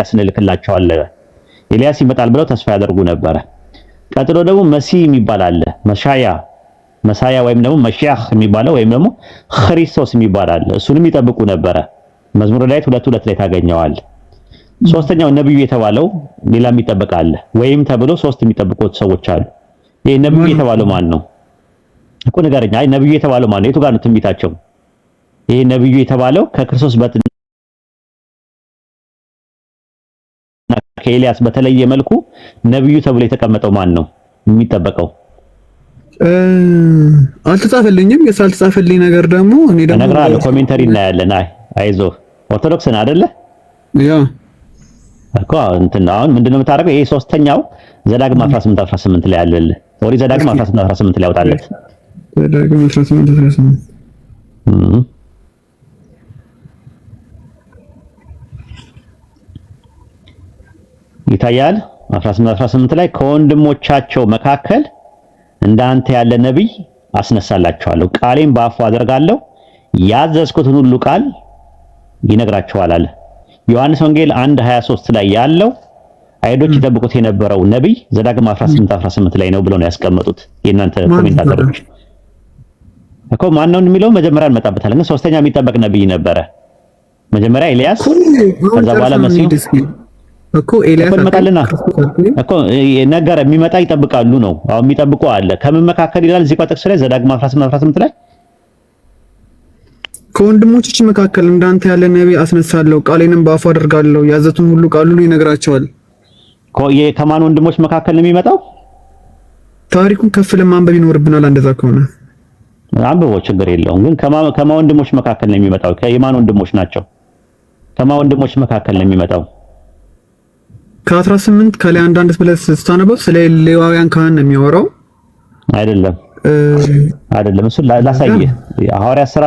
ኤልያስ እንልክላቸዋለን ኤልያስ ይመጣል ብለው ተስፋ ያደርጉ ነበረ። ቀጥሎ ደግሞ መሲህ የሚባል አለ። መሻያ መሳያ ወይም ደግሞ መሻህ የሚባለው ወይም ደግሞ ክርስቶስ የሚባል አለ። እሱንም ይጠብቁ ነበረ። መዝሙረ ዳዊት ሁለት ሁለት ላይ ታገኘዋለህ። ሶስተኛው ነብዩ የተባለው ሌላም የሚጠበቅ ወይም ተብሎ ሶስት የሚጠብቁት ሰዎች አሉ። ይሄ ነብዩ የተባለው ማን ነው እኮ ንገረኝ። አይ ነብዩ የተባለው ማን ነው? የቱ ጋር ነው ትንቢታቸው? ይሄ ነብዩ የተባለው ከክርስቶስ በት ከኤልያስ በተለየ መልኩ ነብዩ ተብሎ የተቀመጠው ማን ነው የሚጠበቀው? አልተጻፈልኝም። የስ አልተጻፈልኝ ነገር ደግሞ እኔ ደግሞ እነግርሃለሁ። ኮሜንተሪ እናያለን። አይ አይዞ ኦርቶዶክስ ነህ አይደለ? ያ እኮ እንትን አሁን ምንድነው ነው የምታደርገው? ይሄ ሶስተኛው ዘዳግም 18 18 ላይ አለልህ። ኦሪ ዘዳግም 18 18 ላይ አውጣለት። ዘዳግም 18 18 ይታያል 18 18 ላይ ከወንድሞቻቸው መካከል እንዳንተ ያለ ነቢይ አስነሳላችኋለሁ፣ ቃሌን በአፉ አደርጋለሁ፣ ያዘዝኩትን ሁሉ ቃል ይነግራችኋል አለ። ዮሐንስ ወንጌል 1 23 ላይ ያለው አይሁዶች ይጠብቁት የነበረው ነቢይ ዘዳግም 18 18 ላይ ነው ብለው ነው ያስቀመጡት የእናንተ ኮሜንታተሮች። እኮ ማን ነው የሚለው መጀመሪያ እንመጣበታለን፣ ግን ሶስተኛ የሚጠበቅ ነብይ ነበረ። መጀመሪያ ኤልያስ ከዛ በኋላ መሲህ እኮ ኤልያስ መጣልና እኮ ነገር የሚመጣ ይጠብቃሉ ነው። አሁን የሚጠብቁ አለ ከመመካከል ይላል እዚህ ቋጥቅስ ላይ ዘዳግም 18 18 ላይ ከወንድሞችሽ መካከል እንዳንተ ያለ ነቢ አስነሳለሁ፣ ቃሌንም በአፉ አደርጋለሁ፣ ያዘቱን ሁሉ ቃል ሁሉ ይነግራቸዋል። ከማን ወንድሞች መካከል ነው የሚመጣው? ታሪኩን ከፍ ለማንበብ ይኖርብናል። እንደዛ ከሆነ አንብቦ ችግር የለውም። ግን ከማን ወንድሞች መካከል ነው የሚመጣው? የማን ወንድሞች ናቸው? ከማን ወንድሞች መካከል ነው የሚመጣው? ከ18 ከላይ አንዳንድ ስለት ስታነበው ስለ ሌዋውያን ካህን ነው የሚያወራው። አይደለም አይደለም፣ እሱ ላሳየ ሐዋርያ ስራ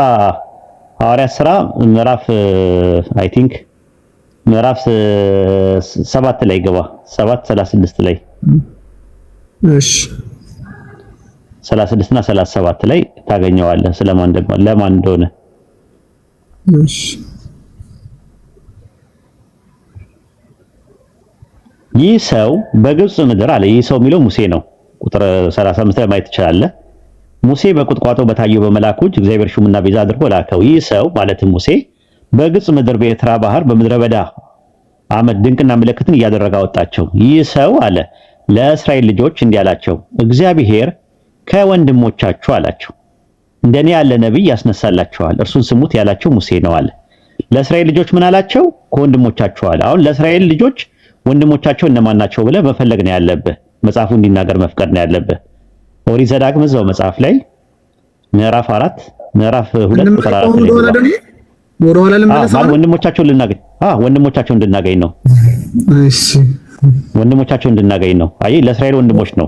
ሐዋርያ ስራ ምዕራፍ አይ ቲንክ ምዕራፍ ሰባት ላይ ገባ። ሰባት ሰላሳ ስድስት ላይ እሺ፣ ሰላሳ ስድስት እና ሰላሳ ሰባት ላይ ታገኘዋለህ ስለማን ለማን እንደሆነ እሺ ይህ ሰው በግብጽ ምድር አለ። ይህ ሰው የሚለው ሙሴ ነው። ቁጥር 35 ላይ ማየት ትችላለህ። ሙሴ በቁጥቋጦ በታየው በመልአኩ እጅ እግዚአብሔር ሹምና ቤዛ አድርጎ ላከው። ይህ ሰው ማለትም ሙሴ በግብጽ ምድር በኤርትራ ባህር በምድረ በዳ አመድ ድንቅና ምልክትን እያደረገ አወጣቸው። ይህ ሰው አለ ለእስራኤል ልጆች እንዲህ አላቸው፣ እግዚአብሔር ከወንድሞቻችሁ አላቸው እንደኔ ያለ ነቢይ ያስነሳላችኋል፣ እርሱን ስሙት ያላቸው ሙሴ ነው አለ። ለእስራኤል ልጆች ምን አላቸው? ከወንድሞቻችሁ አለ። አሁን ለእስራኤል ልጆች ወንድሞቻቸው እነማን ናቸው ብለህ መፈለግ ነው ያለብህ። መጽሐፉ እንዲናገር መፍቀድ ነው ያለብህ። ኦሪት ዘዳግም እዛው መጽሐፍ ላይ ምዕራፍ አራት ምዕራፍ ሁለት ቁጥር አራት ላይ ወንድሞቻቸው ልናገኝ አዎ ወንድሞቻቸው እንድናገኝ ነው። እሺ ወንድሞቻቸው እንድናገኝ ነው። አይ ለእስራኤል ወንድሞች ነው።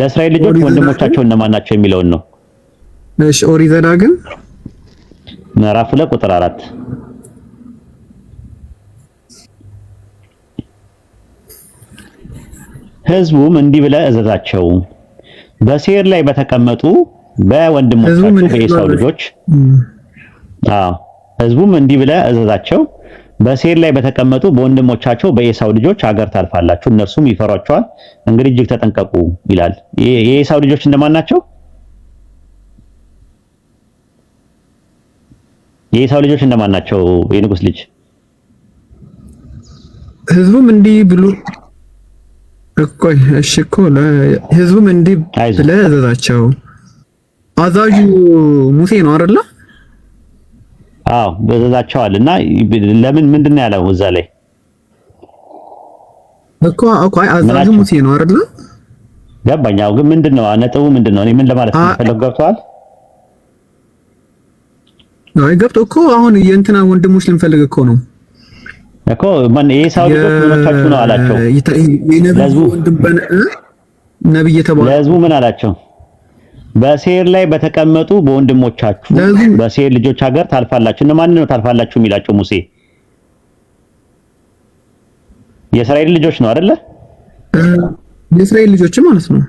ለእስራኤል ልጆች ወንድሞቻቸው እነማን ናቸው የሚለውን ነው። እሺ ኦሪት ዘዳግም ምዕራፍ ሁለት ቁጥር አራት ህዝቡም እንዲህ ብለህ እዘዛቸው በሴር ላይ በተቀመጡ በወንድሞቻቸው በኤሳው ልጆች አዎ ህዝቡም እንዲህ ብለህ እዘዛቸው በሴር ላይ በተቀመጡ በወንድሞቻቸው በኤሳው ልጆች አገር ታልፋላችሁ፣ እነርሱም ይፈሯቸዋል። እንግዲህ እጅግ ተጠንቀቁ ይላል። የኤሳው ልጆች እንደማን ናቸው? የኤሳው ልጆች እንደማን ናቸው? የንጉስ ልጅ ህዝቡም እንዲህ ብሎ እኮይ እሺ እኮ ለህዝቡም እንዲህ ብለህ እዘዛቸው። አዛዡ ሙሴ ነው አይደለ? አዎ በዘዛቸዋል። እና ለምን ምንድን ነው ያለው እዛ ላይ እኮ እኮ አዛዡ ሙሴ ነው አይደለ? ገባኝ። አዎ ግን ምንድን ነው ነጥቡ? ምንድን ነው እኔ ምን ለማለት ፈለግ ገብተዋል? አይ ገብቶ እኮ አሁን የእንትና ወንድሞች ልንፈልግ እኮ ነው እኮ ማን ሳውዲ ወንድሞቻችሁ ነው አላቸው። ለህዝቡ ነብይ የተባለ ለህዝቡ ምን አላቸው? በሴር ላይ በተቀመጡ በወንድሞቻችሁ በሴር ልጆች ሀገር ታልፋላችሁ። እነማንን ነው ታልፋላችሁ የሚላቸው? ሙሴ የእስራኤል ልጆች ነው አይደለ? የእስራኤል ልጆች ማለት ነው።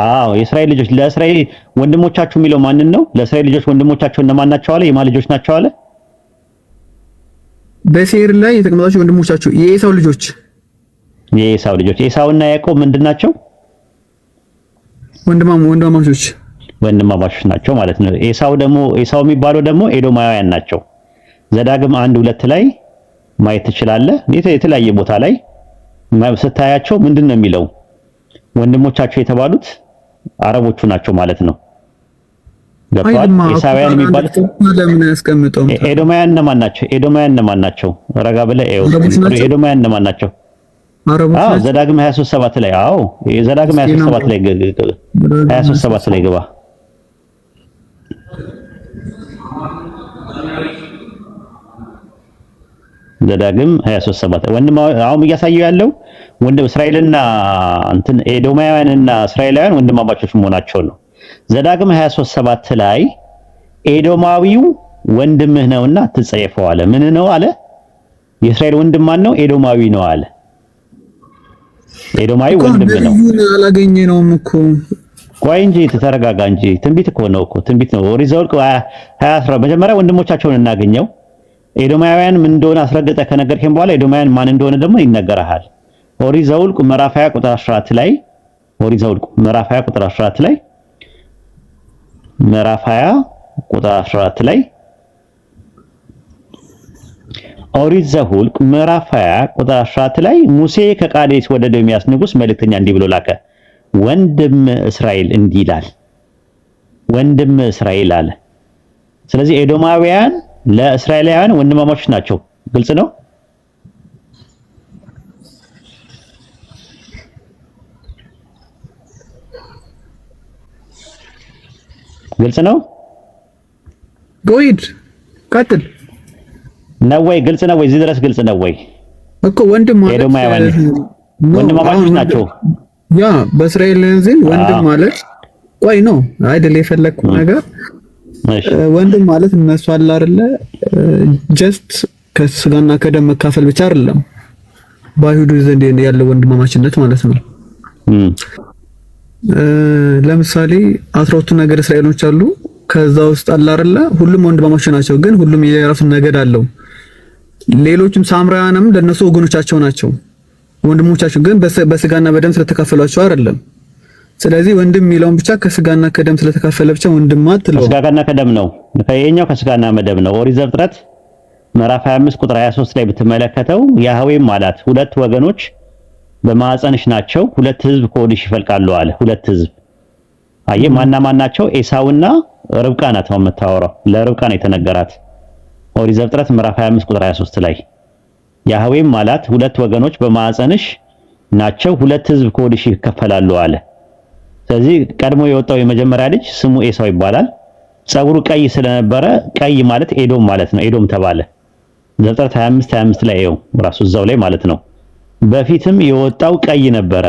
አዎ የእስራኤል ልጆች። ለእስራኤል ወንድሞቻችሁ የሚለው ማንን ነው? ለእስራኤል ልጆች ወንድሞቻቸው እነማን ናቸው አለ? የማ ልጆች ናቸው አለ? በሴር ላይ የተቀመጣችሁ ወንድሞቻችሁ የኤሳው ልጆች የኤሳው ልጆች ኤሳውና ያዕቆብ ምንድን ናቸው? ወንድማም ወንድማማቾች ወንድማማቾች ናቸው ማለት ነው። ኤሳው ደግሞ ኤሳው የሚባለው ደግሞ ኤዶማውያን ናቸው። ዘዳግም አንድ ሁለት ላይ ማየት ትችላለህ። የተለያየ ቦታ ላይ ስታያቸው ምንድን ነው የሚለው ወንድሞቻቸው የተባሉት አረቦቹ ናቸው ማለት ነው። ኢሳውያን የሚባል ለምን ያስቀምጠው? ኤዶማውያን እነማን ናቸው? ኤዶማውያን እነማን ናቸው? ረጋ ብለህ እዩ። እነማን ናቸው? ዘዳግም 23 ሰባት ላይ አዎ ዘዳግም 23 ሰባት ላይ 23 ሰባት ላይ ግባ። ዘዳግም 23 ሰባት ወንድም አሁን እያሳየው ያለው ወንድም እስራኤልና እንትን ኤዶማውያንና እስራኤላውያን ወንድማማቾች መሆናቸው ነው። ዘዳግም 23 ሰባት ላይ ኤዶማዊው ወንድምህ ነውና ትጸየፈው አለ። ምን ነው አለ? የእስራኤል ወንድም ማን ነው? ኤዶማዊ ነው አለ። ኤዶማዊ ወንድም ነው። አላገኘ ነው እኮ ቆይ እንጂ ተረጋጋ እንጂ። ትንቢት እኮ ነው እኮ ትንቢት ነው። ኦሪት ዘኍልቍ መጀመሪያ ወንድሞቻቸውን እናገኘው። ኤዶማውያን ምን እንደሆነ አስረግጠ ከነገርከኝ በኋላ ኤዶማውያን ማን እንደሆነ ደግሞ ይነገርሃል። ኦሪት ዘኍልቍ ምዕራፍ 20 ቁጥር 14 ላይ ኦሪት ዘኍልቍ ምዕራፍ 20 ቁጥር 14 ላይ ምዕራፍ 20 ቁጥር 14 ላይ ኦሪት ዘሁልቅ ምዕራፍ 20 ቁጥር 14 ላይ ሙሴ ከቃዴስ ወደ ኤዶምያስ ንጉስ መልእክተኛ እንዲህ ብሎ ላከ፣ ወንድም እስራኤል እንዲህ ይላል፣ ወንድም እስራኤል አለ። ስለዚህ ኤዶማውያን ለእስራኤላውያን ወንድማማቾች ናቸው። ግልጽ ነው። ግልጽ ነው። ጎይድ ቀጥል ነው ወይ? ግልጽ ነው ወይ? እዚህ ድረስ ግልጽ ነው ወይ? እኮ ወንድም ማለት ወንድማማቾች ናቸው። ያ በእስራኤል ዘን ወንድም ማለት ቆይ ነው አይደል? የፈለግኩት ነገር ወንድም ማለት እነሱ አለ አይደለ? ጀስት ከስጋና ከደም መካፈል ብቻ አይደለም፣ በአይሁዱ ዘንድ ያለው ወንድማማችነት ማለት ነው። ለምሳሌ አስራ ሁለቱ ነገድ እስራኤሎች አሉ። ከዛ ውስጥ አለ አይደለ ሁሉም ወንድማማች ናቸው፣ ግን ሁሉም የራሱ ነገድ አለው። ሌሎችም ሳምራውያንም ለነሱ ወገኖቻቸው ናቸው፣ ወንድሞቻቸው ግን በስጋና በደም ስለተካፈሏቸው አይደለም። ስለዚህ ወንድም የሚለውን ብቻ ከስጋና ከደም ስለተካፈለ ብቻ ወንድም አትለው። ከስጋና ከደም ነው የኛው፣ ከስጋና መደም ነው። ኦሪት ዘፍጥረት ምዕራፍ 25 ቁጥር 23 ላይ ብትመለከተው ያህዌም አላት ሁለት ወገኖች በማዕፀንሽ ናቸው ሁለት ህዝብ ከሆድሽ ይፈልቃሉ አለ። ሁለት ህዝብ አየ ማና ማናቸው? ኤሳውና ርብቃ ናት ነው የምታወራው። ለርብቃ ነው የተነገራት ኦሪት ዘፍጥረት ምዕራፍ 25 ቁጥር 23 ላይ ያህዌም ማለት ሁለት ወገኖች በማዕፀንሽ ናቸው ሁለት ህዝብ ከሆድሽ ይከፈላሉ አለ። ስለዚህ ቀድሞ የወጣው የመጀመሪያ ልጅ ስሙ ኤሳው ይባላል። ጸጉሩ ቀይ ስለነበረ ቀይ ማለት ኤዶም ማለት ነው። ኤዶም ተባለ። ዘፍጥረት 25 25 ላይ ይኸው ራሱ እዛው ላይ ማለት ነው። በፊትም የወጣው ቀይ ነበረ፣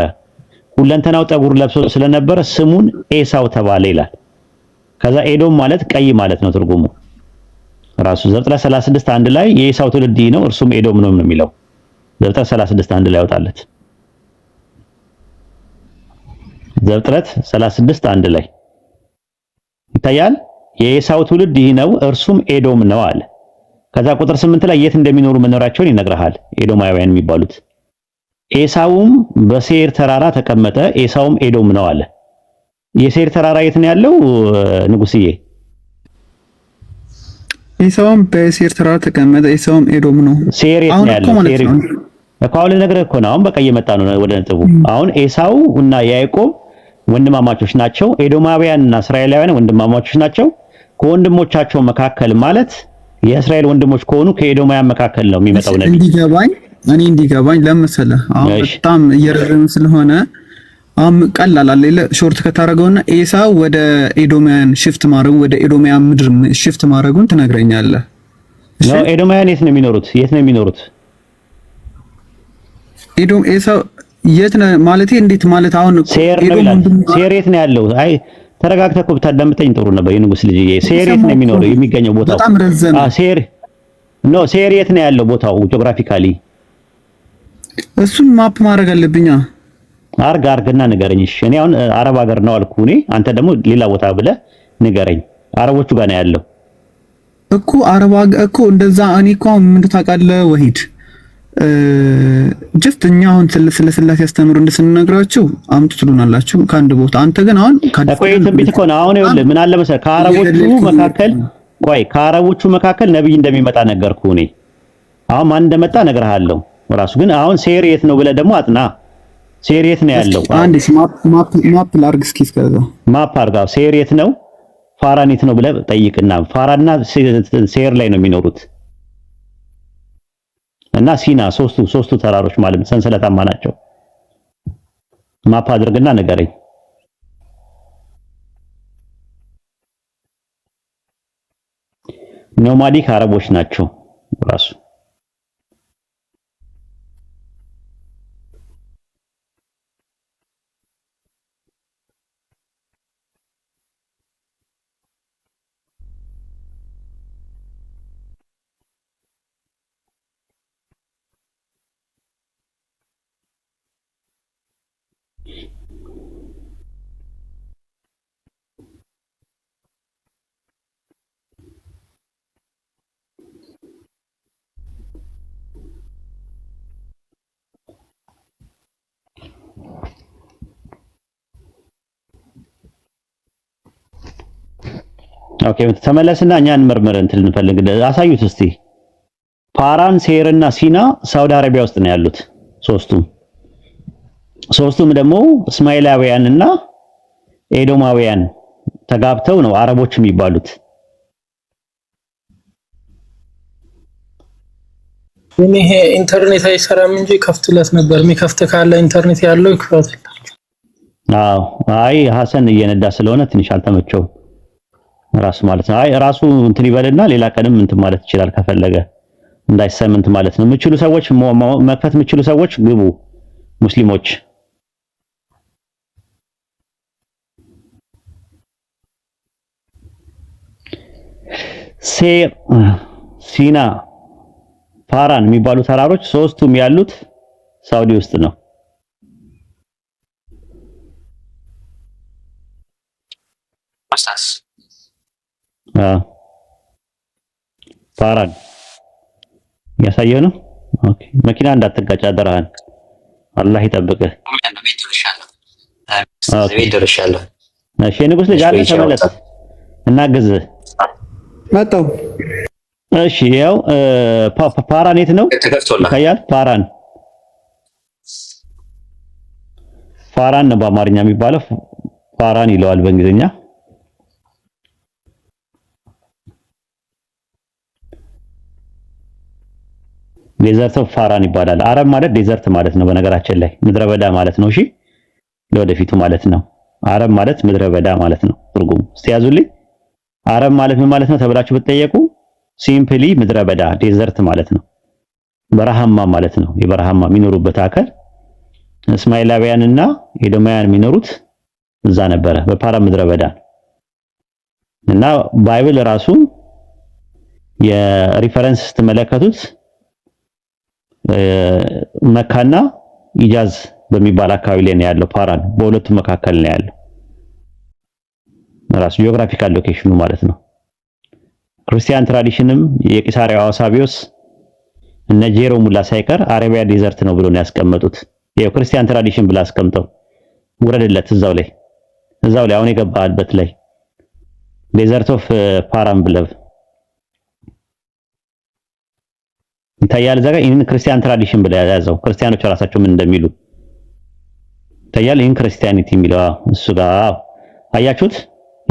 ሁለንተናው ጠጉር ለብሶ ስለነበረ ስሙን ኤሳው ተባለ ይላል። ከዛ ኤዶም ማለት ቀይ ማለት ነው ትርጉሙ ራሱ ዘፍጥረት 36 አንድ ላይ የኤሳው ትውልድ ነው እርሱም ኤዶም ነው የሚለው ዘፍጥረት 36 አንድ ላይ ያወጣለት ዘፍጥረት 36 አንድ ላይ ይታያል። የኤሳው ትውልድ ይህ ነው እርሱም ኤዶም ነው አለ። ከዛ ቁጥር ስምንት ላይ የት እንደሚኖሩ መኖራቸውን ይነግርሃል። ኤዶማውያን የሚባሉት ኤሳውም በሴር ተራራ ተቀመጠ። ኤሳውም ኤዶም ነው አለ። የሴር ተራራ የት ነው ያለው? ንጉስዬ ኤሳውም በሴር ተራራ ተቀመጠ። ኤሳውም ኤዶም ነው። ሴር የት ነው ያለው? ሴር እኮ አሁን ልነግርህ እኮ ነው። አሁን በቃ እየመጣ ነው ወደ ነጥቡ። አሁን ኤሳው እና ያዕቆብ ወንድማማቾች ናቸው። ኤዶማውያን እና እስራኤላውያን ወንድማማቾች ናቸው። ከወንድሞቻቸው መካከል ማለት የእስራኤል ወንድሞች ከሆኑ ከኤዶማውያን መካከል ነው የሚመጣው ነብይ እንዲገባኝ እኔ እንዲገባኝ ለምስልህ አሁን በጣም እየረዘመ ስለሆነ አም ቀላል አለ ሌላ ሾርት ከታረገውና ኤሳ ወደ ኤዶሚያን ሽፍት ማድረጉ ወደ ኤዶሚያን ምድር ሽፍት ማድረጉን ትነግረኛለህ። ነው ኤዶሚያን የት ነው የሚኖሩት? የት ነው የሚኖሩት? ኤዶም ኤሳ የት ነው ማለቴ? እንዴት ማለት አሁን ሴር የት ነው ያለው? አይ ተረጋግተህ እኮ ብታዳምጠኝ ጥሩ ነበር። የንጉስ ልጅ ሴር የት ነው የሚኖረው? የሚገኘው ቦታው በጣም ረዘመ። ሴር ነው ሴር የት ነው ያለው ቦታው ጂኦግራፊካሊ እሱን ማፕ ማድረግ አለብኛ። አርግ አርግና ንገረኝ። እሺ እኔ አሁን አረብ ሀገር ነው አልኩ። እኔ አንተ ደግሞ ሌላ ቦታ ብለ ንገረኝ። አረቦቹ ጋር ነው ያለው እኮ አረብ ሀገር እኮ እንደዛ። እኔ እኮ አሁን ምን ታውቃለህ ወሂድ ጀስት እኛ አሁን ስለ ስላሴ ያስተምሩ እንደስንነግራችሁ አምጡ ትሉናላችሁ ከአንድ ቦታ። አንተ ግን አሁን ቆይ ትንቢት እኮ ነው አሁን። ይኸውልህ ምን አለ መሰለህ ከአረቦቹ መካከል ቆይ ከአረቦቹ መካከል ነብይ እንደሚመጣ ነገርኩህ እኔ። አሁን ማን እንደመጣ እነግርሃለሁ ራሱ ግን አሁን ሴር የት ነው ብለህ ደግሞ አጥና። ሴር የት ነው ያለው? አንድ ማፕ ማፕ ላርግ እስኪ እስከዛ ማፕ አርጋ ሴር የት ነው ፋራን የት ነው ብለህ ጠይቅና፣ ፋራና ሴር ላይ ነው የሚኖሩት እና ሲና ሶስቱ ሶስቱ ተራሮች ማለት ሰንሰለታማ ናቸው። ማፕ አድርግና ንገረኝ። ኖማዲክ አረቦች ናቸው ራሱ ኦኬ ተመለስና እኛ እንመርምር እንትን እንፈልግ አሳዩት እስቲ ፓራን ሴርና ሲና ሳውዲ አረቢያ ውስጥ ነው ያሉት ሶስቱም ሶስቱም ደግሞ እስማኤላውያን እና ኤዶማውያን ተጋብተው ነው አረቦች የሚባሉት ይሄ ኢንተርኔት አይሰራም እንጂ ከፍትለት ነበር የሚከፍት ካለ ኢንተርኔት ያለው ይከፍታል አዎ አይ ሀሰን እየነዳ ስለሆነ ትንሽ አልተመቸውም ራሱ ማለት ነው። አይ ራሱ እንትን ይበልና ሌላ ቀንም እንትን ማለት ይችላል ከፈለገ እንዳይሰምንት ማለት ነው። የምችሉ ሰዎች መክፈት የምችሉ ሰዎች ግቡ ሙስሊሞች ሴር ሲና ፋራን የሚባሉ ተራሮች ሶስቱም ያሉት ሳውዲ ውስጥ ነው። ኡስታዝ ፋራን እያሳየው ነው። ኦኬ መኪና እንዳትጋጭ አደራህን፣ አላህ ይጠብቅህ። እሺ የንጉስ ልጅ አለ ተመለሰ እናግዝ መጣው። እሺ ያው ፓራን የት ነው ይታያል? ፓራን ፋራን ነው በአማርኛ የሚባለው ፋራን ይለዋል በእንግሊዝኛ ዴዘርት ኦፍ ፋራን ይባላል። አረብ ማለት ዴዘርት ማለት ነው። በነገራችን ላይ ምድረ በዳ ማለት ነው። እሺ ለወደፊቱ ማለት ነው። አረብ ማለት ምድረ በዳ ማለት ነው ትርጉሙ። እስቲ ያዙልኝ። አረብ ማለት ምን ማለት ነው ተብላችሁ ብትጠየቁ ሲምፕሊ ምድረ በዳ ዴዘርት ማለት ነው። በረሃማ ማለት ነው። የበረሃማ የሚኖሩበት አካል እስማኤላውያንና ኤዶማውያን የሚኖሩት እዛ ነበረ በፓራ ምድረ በዳ እና ባይብል ራሱ የሪፈረንስ ስትመለከቱት መካና ኢጃዝ በሚባል አካባቢ ላይ ነው ያለው። ፓራን በሁለቱም መካከል ነው ያለው ራሱ ጂኦግራፊካል ሎኬሽኑ ማለት ነው። ክርስቲያን ትራዲሽንም የቂሳሪያ አሳቢዮስ እነ ጄሮ ሙላ ሳይቀር አረቢያ ዴዘርት ነው ብሎ ነው ያስቀመጡት። ይሄው ክርስቲያን ትራዲሽን ብላ አስቀምጠው ውረድለት እዛው ላይ እዛው ላይ አሁን የገባህበት ላይ ዴዘርት ኦፍ ፓራን ብለብ ይታያል። እዛ ጋር ይህን ክርስቲያን ትራዲሽን ብለ ያዘው ክርስቲያኖች ራሳቸው ምን እንደሚሉ ይታያል። ይህን ክርስቲያኒቲ የሚለው እሱ ጋር አያችሁት።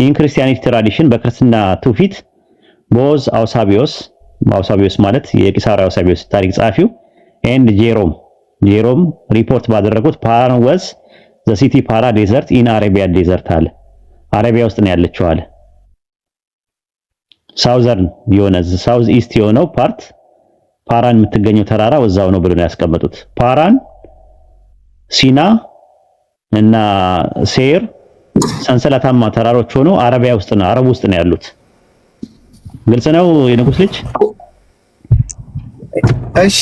ይህን ክርስቲያኒቲ ትራዲሽን በክርስትና ትውፊት ቦዝ አውሳቢዮስ አውሳቢዮስ ማለት የቂሳራ አውሳቢዮስ ታሪክ ጸሐፊው ኤንድ ጄሮም ጄሮም ሪፖርት ባደረጉት ፓራን ወዝ ዘ ሲቲ ፓራ ዴዘርት ኢን አረቢያ ዴዘርት አለ። አረቢያ ውስጥ ነው ያለችው አለ። ሳውዘርን የሆነ ሳውዝ ኢስት የሆነው ፓርት ፓራን የምትገኘው ተራራ ወዛው ነው ብሎ ነው ያስቀመጡት። ፓራን፣ ሲና እና ሴር ሰንሰለታማ ተራሮች ሆኖ አረቢያ ውስጥ ነው አረብ ውስጥ ነው ያሉት። ግልጽ ነው የንጉስ ልጅ። እሺ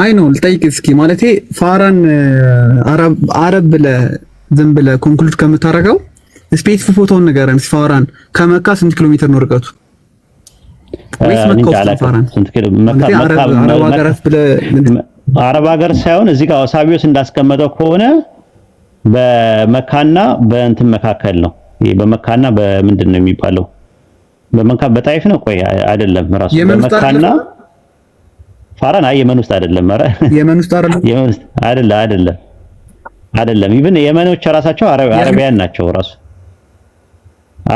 አይ ነው ልጠይቅ እስኪ ማለቴ ፋራን አረብ አረብ ብለህ ዝም ብለህ ኮንክሉድ ከምታረገው ስፔስ ፎቶውን ንገረን። ፋራን ከመካ ስንት ኪሎ ሜትር ነው ርቀቱ? አረብ ሀገር ሳይሆን እዚህ ጋር ሳቢዮስ እንዳስቀመጠው ከሆነ በመካና በእንትን መካከል ነው። ይሄ በመካና በምንድን ነው የሚባለው? በመካ በጣይፍ ነው። ቆይ አይደለም፣ ራሱ በመካና ፋራን። አይ የመን ውስጥ አይደለም። ኧረ የመን ውስጥ አይደለም፣ የመን ውስጥ አይደለም፣ አይደለም፣ አይደለም። ይብን የመኖች ራሳቸው አረቢያን ናቸው። ራሱ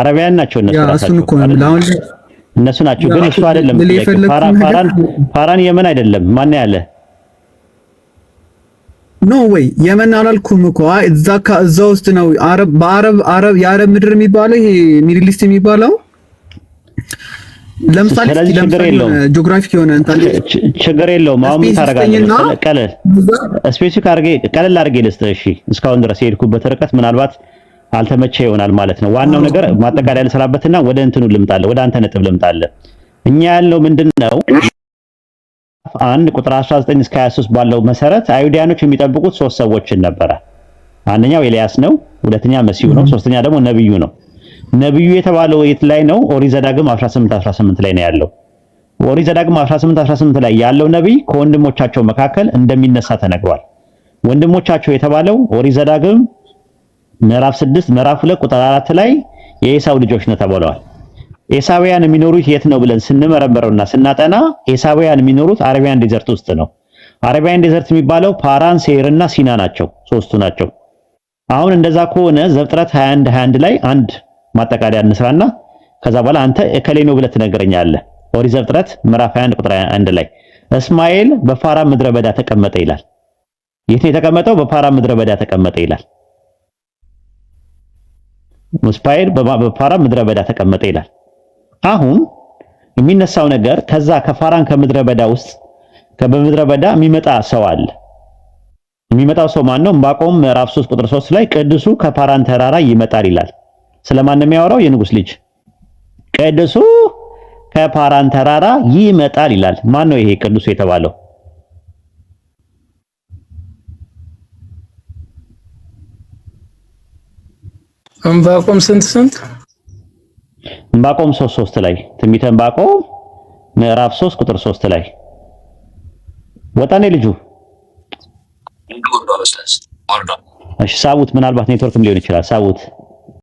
አረቢያን ናቸው እነሱ ራሳቸው እነሱ ናቸው። ግን እሱ አይደለም። ፋራን ፋራን የመን አይደለም። ማን ያለ ኖ ወይ የመን አላልኩም እኮ እዛ እዛ ውስጥ ነው። አረብ በአረብ አረብ የአረብ ምድር የሚባለው ይሄ ሚድል ኢስት የሚባለው ለምሳሌ ስለዚህ ችግር ጂኦግራፊክ የሆነ ችግር የለውም። አሁን ምን ታደርጋለህ? ቀለል ስፔሲፊክ አድርጌ ቀለል አድርጌ ልስጥህ። እሺ እስካሁን ድረስ የሄድኩበት ርቀት ምናልባት አልተመቸ ይሆናል ማለት ነው። ዋናው ነገር ማጠቃለያ ልሰራበትና ወደ እንትኑ ልምጣለ፣ ወደ አንተ ነጥብ ልምጣለ። እኛ ያልነው ምንድነው አንድ ቁጥር 19 እስከ 23 ባለው መሰረት አይሁዲያኖች የሚጠብቁት ሶስት ሰዎችን ነበረ። አንደኛው ኤልያስ ነው፣ ሁለተኛ መሲሁ ነው፣ ሶስተኛ ደግሞ ነብዩ ነው። ነብዩ የተባለው የት ላይ ነው? ኦሪት ዘዳግም 18 18 ላይ ነው ያለው። ኦሪት ዘዳግም 18 18 ላይ ያለው ነብይ ከወንድሞቻቸው መካከል እንደሚነሳ ተነግሯል። ወንድሞቻቸው የተባለው ኦሪት ዘዳግም ምዕራፍ 6 ምዕራፍ 2 ቁጥር 4 ላይ የኤሳው ልጆች ነው ተብለዋል። ኤሳውያን የሚኖሩት የት ነው ብለን ስንመረምረውና ስናጠና ኤሳውያን የሚኖሩት አረቢያን ዴዘርት ውስጥ ነው። አረቢያን ዴዘርት የሚባለው ፓራን፣ ሴርና ሲና ናቸው፣ ሶስቱ ናቸው። አሁን እንደዛ ከሆነ ዘፍጥረት 21 21 ላይ አንድ ማጠቃለያ እንስራና ከዛ በኋላ አንተ እከሌ ነው ብለህ ትነግረኛለህ። ኦሪት ዘፍጥረት ምዕራፍ 21 ቁጥር 1 ላይ እስማኤል በፋራ ምድረ በዳ ተቀመጠ ይላል። የት ነው የተቀመጠው? በፋራ ምድረ በዳ ተቀመጠ ይላል። ሙስፓይር በፋራን ምድረ በዳ ተቀመጠ ይላል። አሁን የሚነሳው ነገር ከዛ ከፋራን ከምድረ በዳ ውስጥ ከበምድረ በዳ የሚመጣ ሰው አለ። የሚመጣው ሰው ማን ነው? ዕንባቆም ምዕራፍ 3 ቁጥር 3 ላይ ቅዱሱ ከፋራን ተራራ ይመጣል ይላል። ስለማን ነው የሚያወራው? የንጉስ ልጅ ቅዱሱ ከፋራን ተራራ ይመጣል ይላል። ማን ነው ይሄ ቅዱሱ የተባለው? እንባቆም ስንት ስንት እንባቆም 3 3 ላይ ትንቢተ እንባቆም ምዕራፍ 3 ቁጥር 3 ላይ ወጣኔ ልጁ እሺ፣ ሳቡት ምናልባት ኔትወርክም ሊሆን ይችላል ሳቡት